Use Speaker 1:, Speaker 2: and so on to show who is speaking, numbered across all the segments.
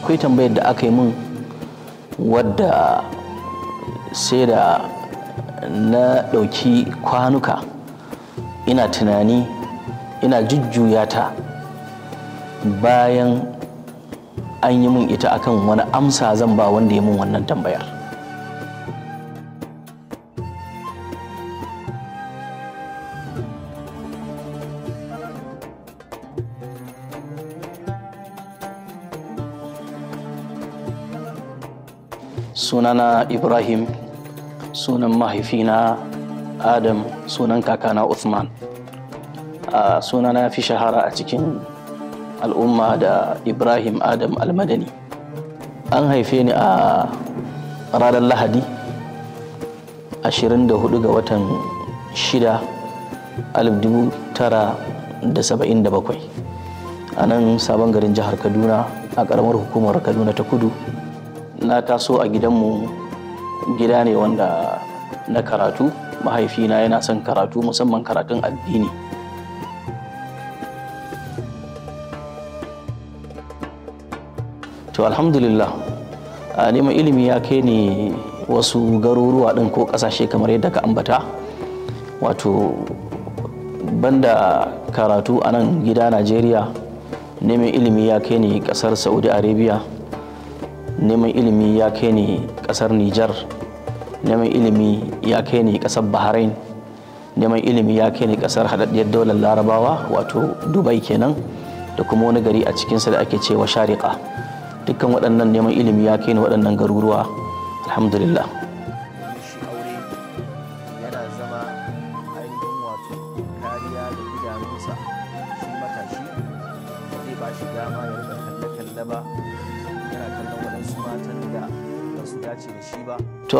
Speaker 1: akwai tambayar da aka yi min wadda sai da na ɗauki kwanuka ina tunani ina jujjuya ta bayan an yi min ita akan wani amsa zan ba wanda ya min wannan tambayar sunana ibrahim sunan mahaifina adam sunan kakana uthman a sunana fi shahara a cikin al'umma da ibrahim adam almadani an haife ni a ranar lahadi 24 ga watan 6 1977 a nan sabon garin jihar kaduna a ƙaramar hukumar kaduna ta kudu na taso a gidanmu gida ne wanda na karatu mahaifina yana son karatu musamman karatun addini to alhamdulillah a neman ilimi ya kai ni wasu garuruwa ɗin ko ƙasashe kamar yadda ka ambata wato banda karatu a nan gida najeriya neman ilimi ya kai ni ƙasar saudi arabia neman ilimi ya kai ni kasar nijar neman ilimi ya kai ni kasar bahrain neman ilimi ya kai ni kasar haɗaɗɗiyar daular larabawa wato dubai kenan da kuma wani gari a cikinsa da ake cewa shariƙa dukkan waɗannan neman ilimi ya kai ni waɗannan garuruwa alhamdulillah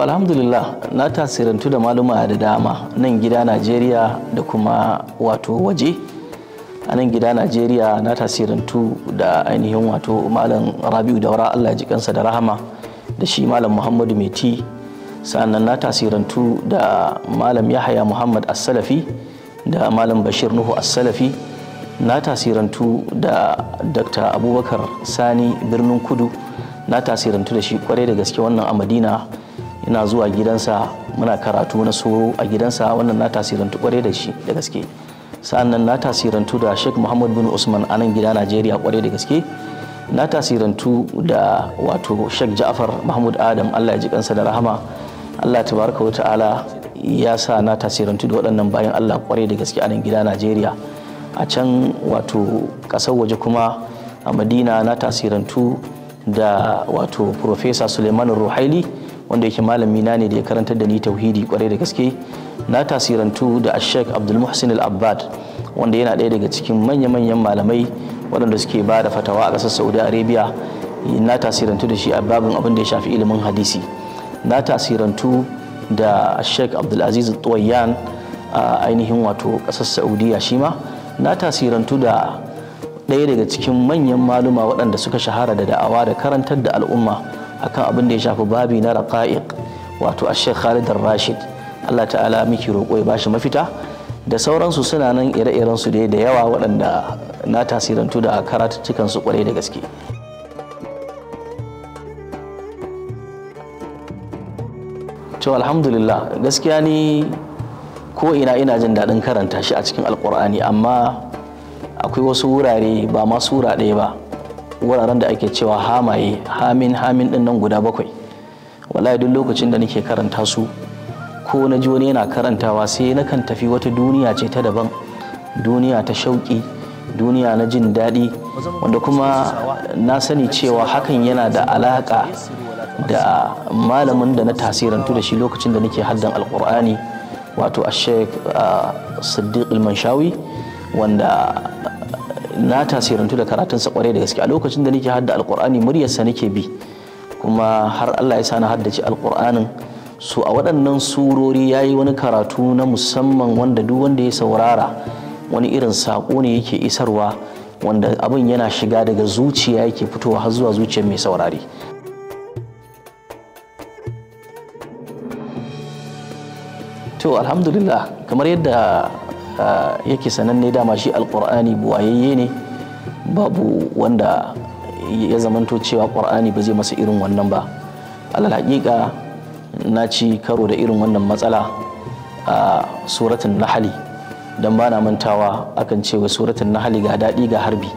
Speaker 1: alhamdulillah na tasirantu da maluma da dama nan gida najeriya da kuma wato waje a nan gida najeriya na tasirantu da ainihin wato malam rabiu daura allah jikansa da rahama da shi malam muhammadu meti sannan na tasirantu da malam yahaya muhammad as-salafi da malam bashir nuhu as-salafi na tasirantu da dr abubakar sani birnin kudu na tasirantu da shi kwarai da gaske wannan a madina ina zuwa gidansa muna karatu na soro a gidansa wannan na tasirantu kwarai da shi da gaske sa'annan na tasirantu da sheikh muhammad bin usman a nan gida najeriya kwarai da gaske na tasirantu da wato sheikh ja'far mahmud adam allah ya ji kansa da rahama allah tabaraka wa ta'ala ya sa na tasirantu da waɗannan bayan allah kwarai da gaske a nan gida najeriya a can wato ƙasar waje kuma a madina na tasirantu da wato profesa suleiman ruhaili wanda yake malami na ne da ya karantar da ni tauhidi kwarai da gaske na tasirantu da ashek abdul muhsin al-abbad wanda yana ɗaya daga cikin manya-manyan malamai waɗanda suke ba da fatawa a ƙasar saudi arabia na tasirantu da shi a babin abin da ya shafi ilimin hadisi na tasirantu da ashek abdulaziz tuwayyan a ainihin wato ƙasar saudiya shi ma na tasirantu da ɗaya daga cikin manyan maluma waɗanda suka shahara da da'awa da karantar da al'umma akan abin da ya shafi babi na raqa'iq wato a Sheikh Khalid Rashid Allah ta'ala miki roƙo ya bashi mafita da sauransu suna nan ire-iren su da yawa waɗanda na tasirantu da karatuttukan su kwarai da gaske to alhamdulillah gaskiya ni ko ina ina jin daɗin karanta shi a cikin alƙur'ani amma akwai wasu wurare ba ma sura ɗaya ba wuraren da ake cewa hamaye hamin hamin din nan guda bakwai wallahi duk lokacin da nake karanta su ko na ji wani yana karantawa sai na kan tafi wata duniya ce ta daban duniya ta shauƙi duniya na jin daɗi wanda kuma na sani cewa hakan yana da alaƙa da malamin da na tasirantu da shi lokacin da nake haddan alƙur'ani wato a sheik ah, siddiq shawi wanda na tasirantu da karatunsa kwarai da gaske a lokacin da nake hadda alkur'ani muryarsa nake bi kuma har Allah ya sani haddace alkur'anin su a waɗannan surori ya yi wani karatu na musamman wanda duk wanda ya saurara wani irin saƙo ne yake isarwa wanda abin yana shiga daga zuciya yake fitowa har zuwa zuciyar mai saurari to alhamdulillah kamar yadda yake sananne dama shi alkur'ani buwayayye ne babu wanda ya zamanto cewa ƙur'ani ba zai masa irin wannan ba alal haƙiƙa na ci karo da irin wannan matsala a suratun nahali don bana mantawa akan cewa suratun nahali ga daɗi ga harbi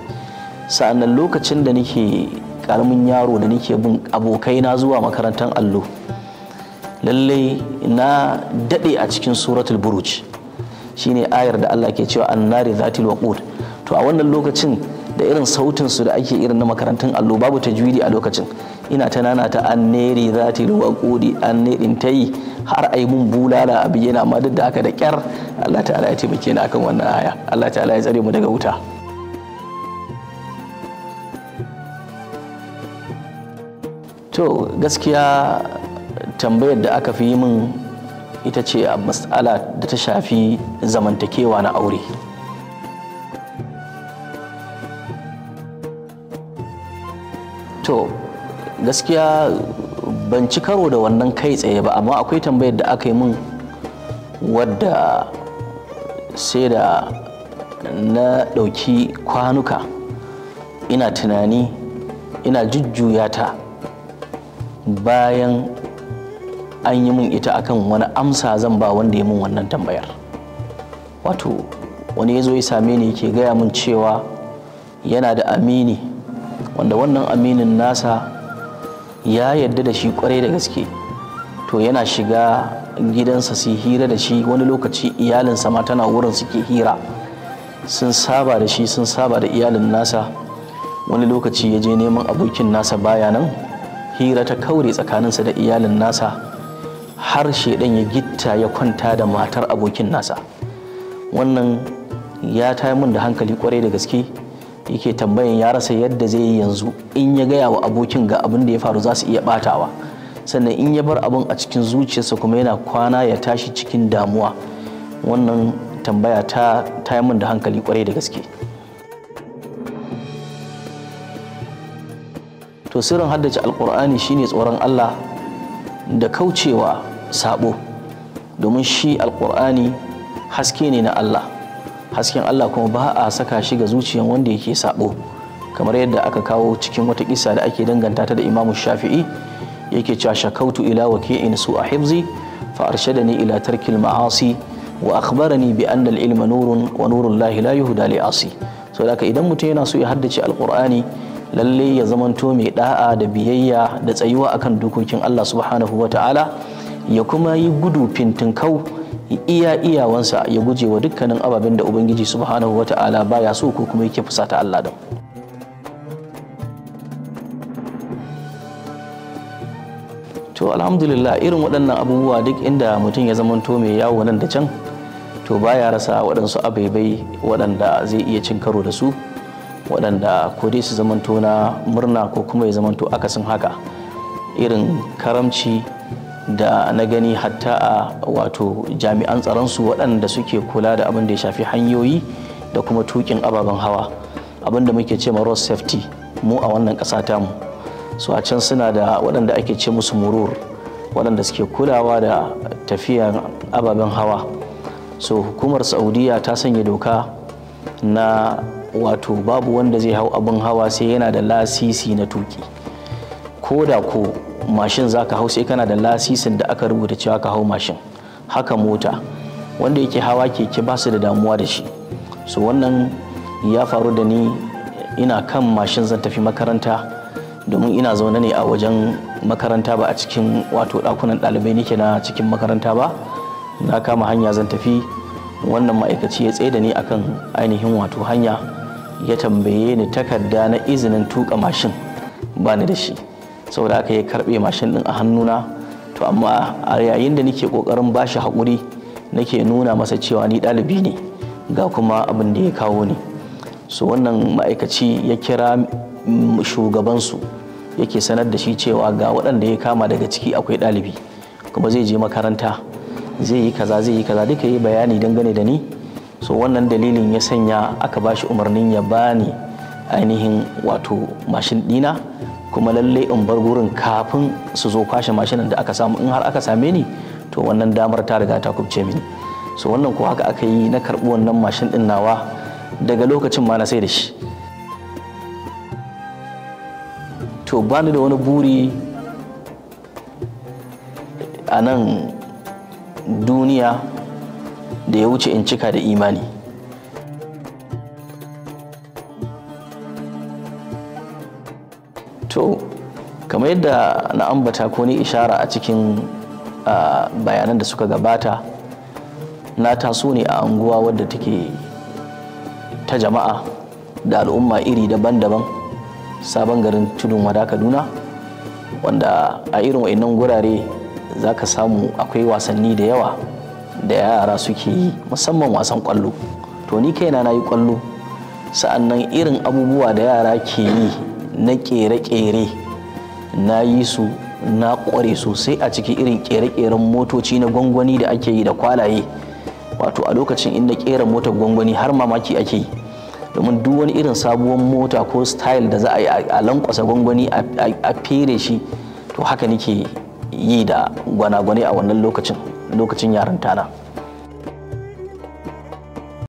Speaker 1: sa'annan lokacin da nake ƙaramin yaro da nake bin abokaina zuwa makarantar allo lallai na daɗe a cikin suratul buruj shine ayar da Allah ke cewa annari zatil waqud to a wannan lokacin da irin sautin su da ake irin na makarantun allo babu tajwidi a lokacin ina ta nana ta annari zatil waqudi annirin tayi har ai mun bulala a biyana, amma duk da haka da kyar Allah ta'ala ya taimake ni akan wannan aya Allah ta'ala ya tsare mu daga wuta to gaskiya tambayar da aka fi yi min ita ce a matsala da ta shafi zamantakewa na aure to gaskiya ban ci karo da wannan kai tsaye ba amma akwai tambayar da aka yi min wadda sai da na ɗauki kwanuka ina tunani ina jujjuya ta bayan an yi min ita akan wani amsa zan ba wanda ya min wannan tambayar wato wani ya zo ya same ni yake gaya min cewa yana da amini wanda wannan aminin nasa ya yarda da shi kwarai da gaske to yana shiga gidansa su hira da shi wani lokaci iyalinsa ma tana wurin suke hira sun saba da shi sun saba da iyalin nasa wani lokaci ya je neman abokin nasa baya nan hira ta kaure tsakaninsa da iyalin nasa har shaidan ya gitta ya kwanta da matar abokin nasa wannan ya taya min da hankali kwarai da gaske yake tambayan ya rasa yadda zai yi yanzu in ya gaya wa abokin ga abin da ya faru za su iya batawa sannan in ya bar abin a cikin zuciyarsa kuma yana kwana ya tashi cikin damuwa wannan tambaya ta taya min da hankali kwarai da gaske to sirrin haddace alkur'ani shine tsoron allah da kaucewa sabo domin shi alkur'ani haske ne na Allah hasken Allah kuma ba a saka shi ga zuciyan wanda yake sabo kamar yadda aka kawo cikin wata kisa da ake danganta ta da Imam Shafi'i yake cewa shakautu ila waki'in su a hifzi fa arshadani ila tarkil ma'asi wa akhbarani bi anna al-ilma nurun wa nurul lahi la yuhda li asi so da idan mutum yana so ya haddace alkur'ani lalle ya zamanto mai da'a da biyayya da tsayuwa akan dokokin Allah subhanahu wa ta'ala ya kuma yi gudu fintin fintinkau iya iyawansa ya guje wa dukkanin ababen da ubangiji subhanahu ta'ala baya so ko kuma yake fusata Allah da to alhamdulillah irin waɗannan abubuwa duk inda mutum ya zamanto mai yawo nan da can to baya rasa waɗansu abaibai waɗanda zai iya cin karo da su waɗanda ko dai su zamanto na murna ko kuma ya zamanto akasin haka irin karamci da na gani hatta a wato jami'an tsaronsu waɗanda suke kula da abin da ya shafi hanyoyi da kuma tukin ababen hawa abin da muke ce ma road safety mu a wannan ƙasa ta mu su a can suna da waɗanda ake ce musu murur waɗanda suke kulawa da tafiyan ababen hawa so hukumar saudiya ta sanya doka na wato babu wanda zai hau abin hawa sai yana da lasisi na tuki ko da ko mashin za ka hau sai kana da lasisin da aka rubuta cewa ka hau mashin haka mota wanda yake hawa keke ba su da damuwa da shi so wannan ya faru da ni ina kan mashin zan tafi makaranta domin ina zaune ne a wajen makaranta ba a cikin wato ɗakunan ɗalibai nake na cikin makaranta ba na kama hanya zan tafi wannan ma'aikaci ya tsaye da ni akan ainihin wato hanya ya tambaye ni takarda na izinin tuka mashin ba ni da shi saboda aka yi karbe mashin ɗin a hannuna to amma a yayin da nake kokarin ba shi haƙuri nake nuna masa cewa ni ɗalibi ne ga kuma abin da ya kawo ni so wannan ma'aikaci ya kira shugabansu yake sanar da shi cewa ga waɗanda ya kama daga ciki akwai ɗalibi kuma zai je makaranta zai yi kaza zai yi kaza duka yi bayani dangane da ni so wannan dalilin ya sanya aka ba shi umarnin ya bani ainihin wato mashin ɗina kuma lalle in bar gurin kafin su zo kwashe mashinan da aka samu in har aka same ni to wannan damar ta riga ta kubce mini so wannan ko haka aka yi na karɓi wannan mashin ɗin nawa daga lokacin ma na sai da shi to bani da wani buri a nan duniya da ya wuce in cika da imani kamar yadda na ambata ko ni ishara a cikin bayanan da suka gabata na taso ne a anguwa wadda take ta jama'a da al'umma iri daban-daban sabon garin tudun wada kaduna wanda a irin wa'annan gurare za ka samu akwai wasanni da yawa da yara suke yi musamman wasan kwallo to ni kaina na yi kwallo sa'an nan irin abubuwa da yara ke yi na kere-kere na yi su na ƙware sosai a cikin irin ƙere-ƙeren motoci na gwangwani da ake yi da kwalaye wato a lokacin inda ƙera motar gwangwani har mamaki ake yi domin duk wani irin sabuwar mota ko style da za a yi a lankwasa gwangwani a fere shi to haka nake yi da gwana gwanagwane a wannan lokacin lokacin tana.